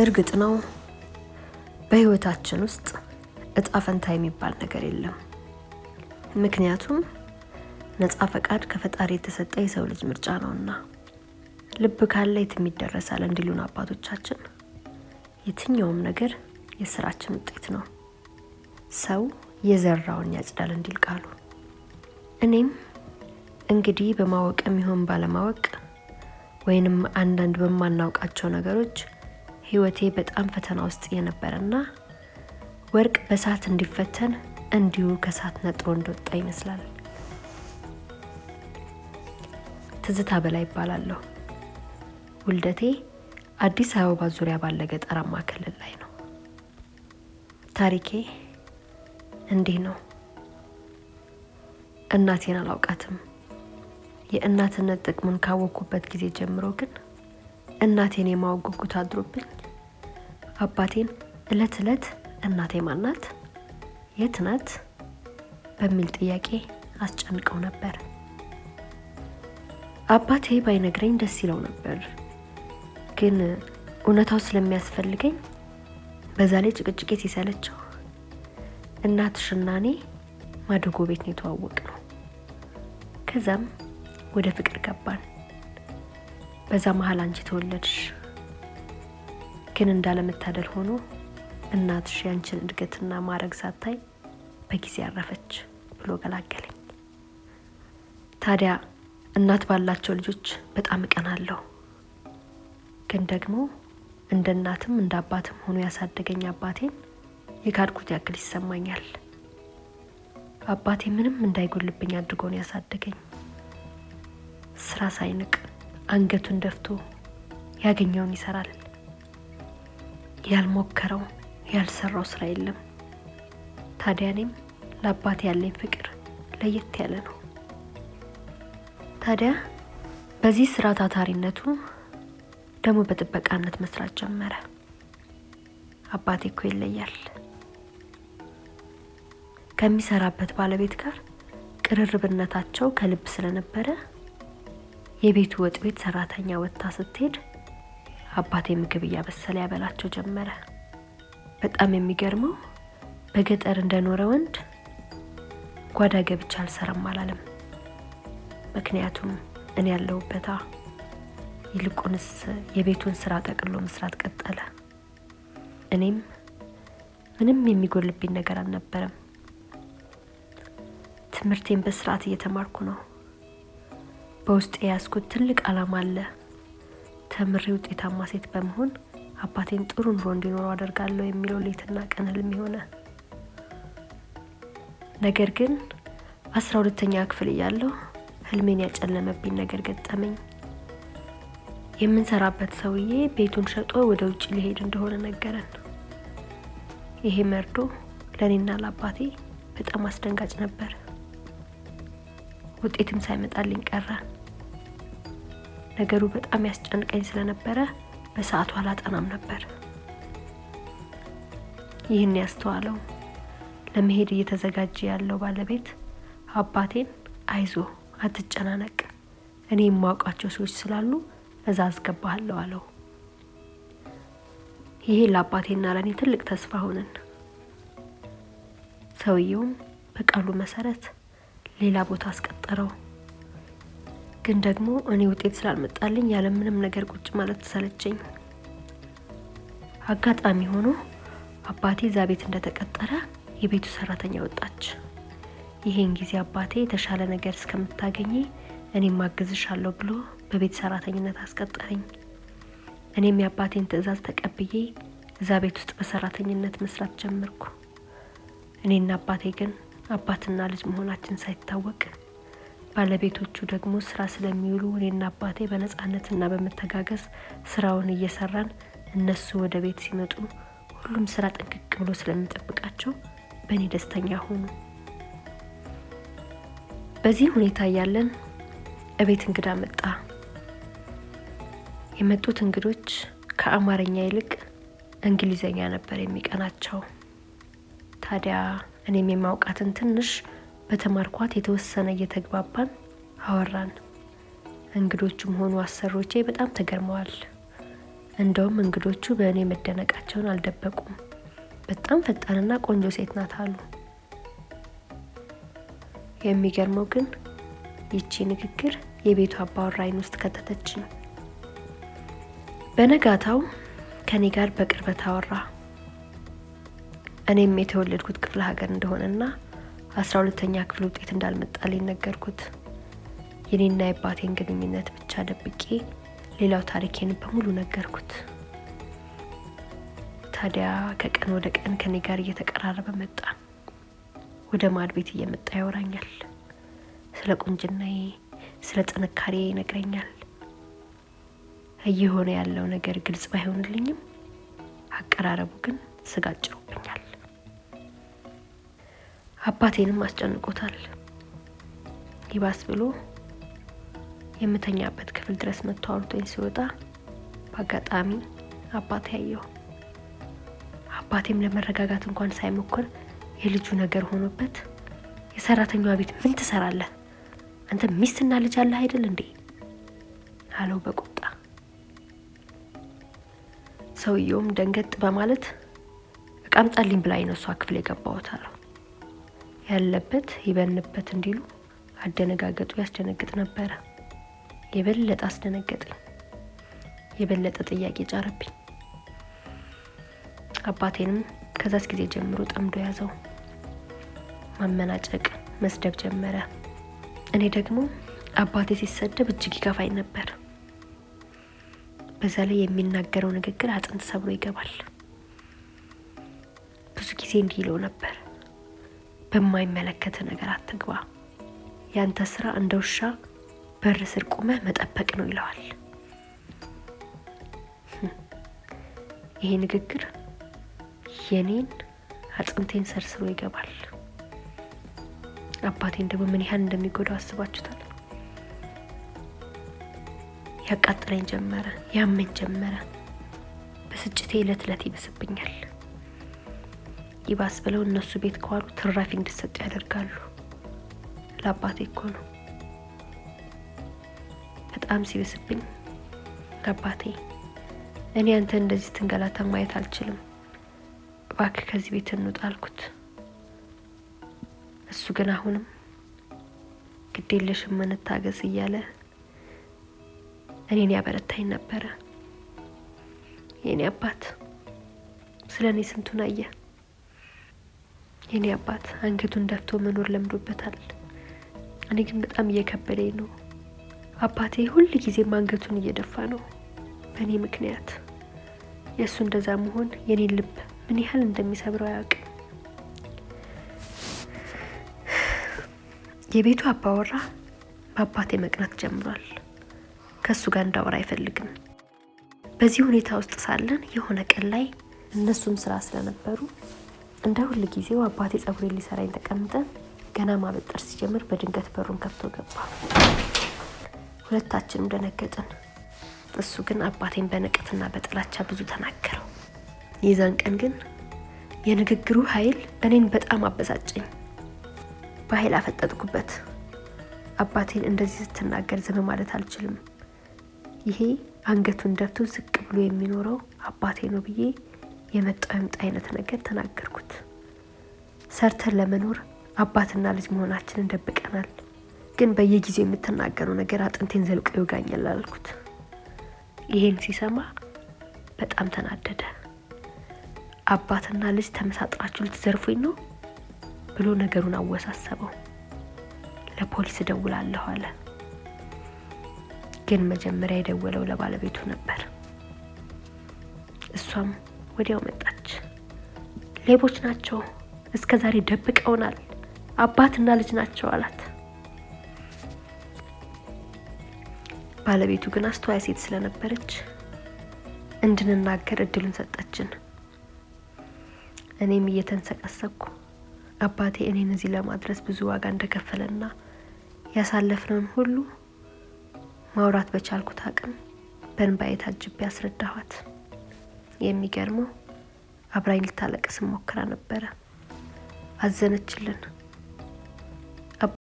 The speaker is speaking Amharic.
እርግጥ ነው በህይወታችን ውስጥ እጣ ፈንታ የሚባል ነገር የለም። ምክንያቱም ነፃ ፈቃድ ከፈጣሪ የተሰጠ የሰው ልጅ ምርጫ ነውና ልብ ካለ የትም ይደረሳል እንዲሉን አባቶቻችን፣ የትኛውም ነገር የስራችን ውጤት ነው። ሰው የዘራውን ያጭዳል እንዲል ቃሉ። እኔም እንግዲህ በማወቅም ይሁን ባለማወቅ ወይንም አንዳንድ በማናውቃቸው ነገሮች ህይወቴ በጣም ፈተና ውስጥ የነበረና ወርቅ በእሳት እንዲፈተን እንዲሁ ከእሳት ነጥሮ እንደወጣ ይመስላል። ትዝታ በላይ ይባላለሁ። ውልደቴ አዲስ አበባ ዙሪያ ባለ ገጠራማ ክልል ላይ ነው። ታሪኬ እንዲህ ነው። እናቴን አላውቃትም። የእናትነት ጥቅሙን ካወቅኩበት ጊዜ ጀምሮ ግን እናቴን የማወቅ ጉጉት አድሮብኝ አባቴን እለት እለት እናቴ ማናት የት ናት በሚል ጥያቄ አስጨንቀው ነበር። አባቴ ባይነግረኝ ደስ ይለው ነበር፣ ግን እውነታው ስለሚያስፈልገኝ በዛ ላይ ጭቅጭቄ ሲሰለቸው እናትሽና እኔ ማደጎ ቤት ነው የተዋወቅ ነው። ከዛም ወደ ፍቅር ገባን። በዛ መሀል አንቺ ተወለድሽ ግን እንዳለመታደል ሆኖ እናትሽ ያንችን እድገትና ማድረግ ሳታይ በጊዜ አረፈች ብሎ ገላገለኝ። ታዲያ እናት ባላቸው ልጆች በጣም እቀናለሁ። ግን ደግሞ እንደ እናትም እንደ አባትም ሆኖ ያሳደገኝ አባቴን የካድኩት ያክል ይሰማኛል። አባቴ ምንም እንዳይጎልብኝ አድርጎ ነው ያሳደገኝ። ስራ ሳይንቅ አንገቱን ደፍቶ ያገኘውን ይሰራል። ያልሞከረው ያልሰራው ስራ የለም። ታዲያ እኔም ለአባት ያለኝ ፍቅር ለየት ያለ ነው። ታዲያ በዚህ ስራ ታታሪነቱ ደግሞ በጥበቃነት መስራት ጀመረ። አባቴ እኮ ይለያል። ከሚሰራበት ባለቤት ጋር ቅርርብነታቸው ከልብ ስለነበረ የቤቱ ወጥ ቤት ሰራተኛ ወጥታ ስትሄድ አባቴ ምግብ እያበሰለ ያበላቸው ጀመረ። በጣም የሚገርመው በገጠር እንደኖረ ወንድ ጓዳ ገብቻ አልሰራም አላለም። ምክንያቱም እኔ ያለሁበታ ይልቁንስ የቤቱን ስራ ጠቅሎ መስራት ቀጠለ። እኔም ምንም የሚጎልብኝ ነገር አልነበረም። ትምህርቴን በስርዓት እየተማርኩ ነው። በውስጥ የያዝኩት ትልቅ ዓላማ አለ። ተምሬ ውጤታማ ሴት በመሆን አባቴን ጥሩ ኑሮ እንዲኖረው አደርጋለሁ የሚለው ሌትና ቀን ህልም የሆነ ነገር ግን አስራ ሁለተኛ ክፍል እያለሁ ህልሜን ያጨለመብኝ ነገር ገጠመኝ። የምንሰራበት ሰውዬ ቤቱን ሸጦ ወደ ውጭ ሊሄድ እንደሆነ ነገረን። ይሄ መርዶ ለእኔና ለአባቴ በጣም አስደንጋጭ ነበር። ውጤትም ሳይመጣልኝ ቀረ። ነገሩ በጣም ያስጨንቀኝ ስለነበረ በሰዓቱ አላጠናም ነበር። ይህን ያስተዋለው ለመሄድ እየተዘጋጀ ያለው ባለቤት አባቴን አይዞ አትጨናነቅ፣ እኔ የማውቃቸው ሰዎች ስላሉ እዛ አስገባሃለሁ አለው። ይሄ ለአባቴና ለእኔ ትልቅ ተስፋ ሆነን ሰውየውም በቃሉ መሰረት ሌላ ቦታ አስቀጠረው። ግን ደግሞ እኔ ውጤት ስላልመጣልኝ ያለ ምንም ነገር ቁጭ ማለት ተሰለቸኝ አጋጣሚ ሆኖ አባቴ እዛ ቤት እንደተቀጠረ የቤቱ ሰራተኛ ወጣች። ይሄን ጊዜ አባቴ የተሻለ ነገር እስከምታገኘ እኔም አግዝሻለሁ ብሎ በቤት ሰራተኝነት አስቀጠረኝ። እኔም የአባቴን ትዕዛዝ ተቀብዬ እዛ ቤት ውስጥ በሰራተኝነት መስራት ጀመርኩ። እኔና አባቴ ግን አባትና ልጅ መሆናችን ሳይታወቅ ባለቤቶቹ ደግሞ ስራ ስለሚውሉ እኔና አባቴ በነፃነትና በመተጋገዝ ስራውን እየሰራን እነሱ ወደ ቤት ሲመጡ ሁሉም ስራ ጥንቅቅ ብሎ ስለሚጠብቃቸው በእኔ ደስተኛ ሆኑ። በዚህ ሁኔታ እያለን እቤት እንግዳ መጣ። የመጡት እንግዶች ከአማርኛ ይልቅ እንግሊዘኛ ነበር የሚቀናቸው። ታዲያ እኔም የማውቃትን ትንሽ በተማርኳት የተወሰነ እየተግባባን አወራን። እንግዶቹም ሆኑ አሰሮቼ በጣም ተገርመዋል። እንደውም እንግዶቹ በእኔ መደነቃቸውን አልደበቁም። በጣም ፈጣንና ቆንጆ ሴት ናት አሉ። የሚገርመው ግን ይቺ ንግግር የቤቱ አባወራ አይን ውስጥ ነው። በነጋታው ከኔ ጋር በቅርበት አወራ። እኔም የተወለድኩት ክፍለ ሀገር እንደሆነና አስራ ሁለተኛ ክፍል ውጤት እንዳልመጣልኝ ነገርኩት። የኔና የባቴን ግንኙነት ብቻ ደብቄ ሌላው ታሪኬን በሙሉ ነገርኩት። ታዲያ ከቀን ወደ ቀን ከኔ ጋር እየተቀራረበ መጣ። ወደ ማድ ቤት እየመጣ ያወራኛል። ስለ ቁንጅናዬ፣ ስለ ጥንካሬ ይነግረኛል። እየሆነ ያለው ነገር ግልጽ ባይሆንልኝም አቀራረቡ ግን ስጋጭው አባቴንም አስጨንቆታል። ይባስ ብሎ የምተኛበት ክፍል ድረስ መጥቶ አውርቶኝ ሲወጣ በአጋጣሚ አባቴ አየሁ አባቴም ለመረጋጋት እንኳን ሳይሞክር የልጁ ነገር ሆኖበት የሰራተኛዋ ቤት ምን ትሰራለህ አንተ ሚስትና ልጅ አለህ አይደል እንዴ አለው በቁጣ። ሰውየውም ደንገጥ በማለት እቃ ጠልኝ ብላኝ ነው እሷ ክፍል የገባሁት አለው። ያለበት ይበንበት እንዲሉ አደነጋገጡ ያስደነግጥ ነበረ። የበለጠ አስደነገጠኝ። የበለጠ ጥያቄ ጫረብኝ። አባቴንም ከዛስ ጊዜ ጀምሮ ጠምዶ ያዘው። ማመናጨቅ፣ መስደብ ጀመረ። እኔ ደግሞ አባቴ ሲሰደብ እጅግ ይከፋኝ ነበር። በዛ ላይ የሚናገረው ንግግር አጥንት ሰብሮ ይገባል። ብዙ ጊዜ እንዲህ ይለው ነበር በማይመለከት ነገር አትግባ። ያንተ ስራ እንደ ውሻ በር ስር ቁመ መጠበቅ ነው ይለዋል። ይሄ ንግግር የኔን አጥንቴን ሰርስሮ ይገባል። አባቴን ደግሞ ምን ያህል እንደሚጎዳው አስባችሁታል? ያቃጥለኝ ጀመረ፣ ያመኝ ጀመረ። ብስጭቴ እለት እለት ይብስብኛል። ይባስ ብለው እነሱ ቤት ከዋሉ ትራፊ እንዲሰጡ ያደርጋሉ። ለአባቴ እኮ ነው በጣም ሲብስብኝ፣ ለአባቴ እኔ አንተ እንደዚህ ትንገላታ ማየት አልችልም፣ እባክህ ከዚህ ቤት እንውጣ አልኩት። እሱ ግን አሁንም ግዴለሽም እንታገስ እያለ እኔን ያበረታኝ ነበረ። የእኔ አባት ስለ እኔ ስንቱን አየ። የኔ አባት አንገቱን ደፍቶ መኖር ለምዶበታል። እኔ ግን በጣም እየከበደኝ ነው። አባቴ ሁል ጊዜም አንገቱን እየደፋ ነው በእኔ ምክንያት። የእሱ እንደዛ መሆን የኔን ልብ ምን ያህል እንደሚሰብረው አያውቅም። የቤቱ አባወራ በአባቴ መቅናት ጀምሯል። ከእሱ ጋር እንዳወራ አይፈልግም። በዚህ ሁኔታ ውስጥ ሳለን የሆነ ቀን ላይ እነሱም ስራ ስለነበሩ እንደ ሁል ጊዜው አባቴ ጸጉሬን ሊሰራኝ ተቀምጠን ገና ማበጠር ሲጀምር በድንገት በሩን ከፍቶ ገባ። ሁለታችንም ደነገጥን። እሱ ግን አባቴን በንቀትና በጥላቻ ብዙ ተናገረው። የዛን ቀን ግን የንግግሩ ኃይል እኔን በጣም አበሳጨኝ። በኃይል አፈጠጥኩበት። አባቴን እንደዚህ ስትናገር ዝም ማለት አልችልም። ይሄ አንገቱን ደፍቶ ዝቅ ብሎ የሚኖረው አባቴ ነው ብዬ የመጣው የምጣ አይነት ነገር ተናገርኩት። ሰርተን ለመኖር አባትና ልጅ መሆናችንን ደብቀናል። ግን በየጊዜው የምትናገረው ነገር አጥንቴን ዘልቆ ይወጋኛል አልኩት። ይሄን ሲሰማ በጣም ተናደደ። አባትና ልጅ ተመሳጥራችሁ ልትዘርፉኝ ነው ብሎ ነገሩን አወሳሰበው። ለፖሊስ እደውላለሁ አለ። ግን መጀመሪያ የደወለው ለባለቤቱ ነበር። እሷም ወዲያው መጣች። ሌቦች ናቸው፣ እስከ ዛሬ ደብቀውናል፣ አባትና ልጅ ናቸው አላት። ባለቤቱ ግን አስተዋይ ሴት ስለነበረች እንድንናገር እድሉን ሰጠችን። እኔም እየተንሰቀሰኩ አባቴ እኔን እዚህ ለማድረስ ብዙ ዋጋ እንደከፈለና ያሳለፍነውን ሁሉ ማውራት በቻልኩት አቅም በእንባዬ ታጅቤ አስረዳኋት። የሚገርመው አብራኝ ልታለቅስ ሞክራ ነበረ። አዘነችልን።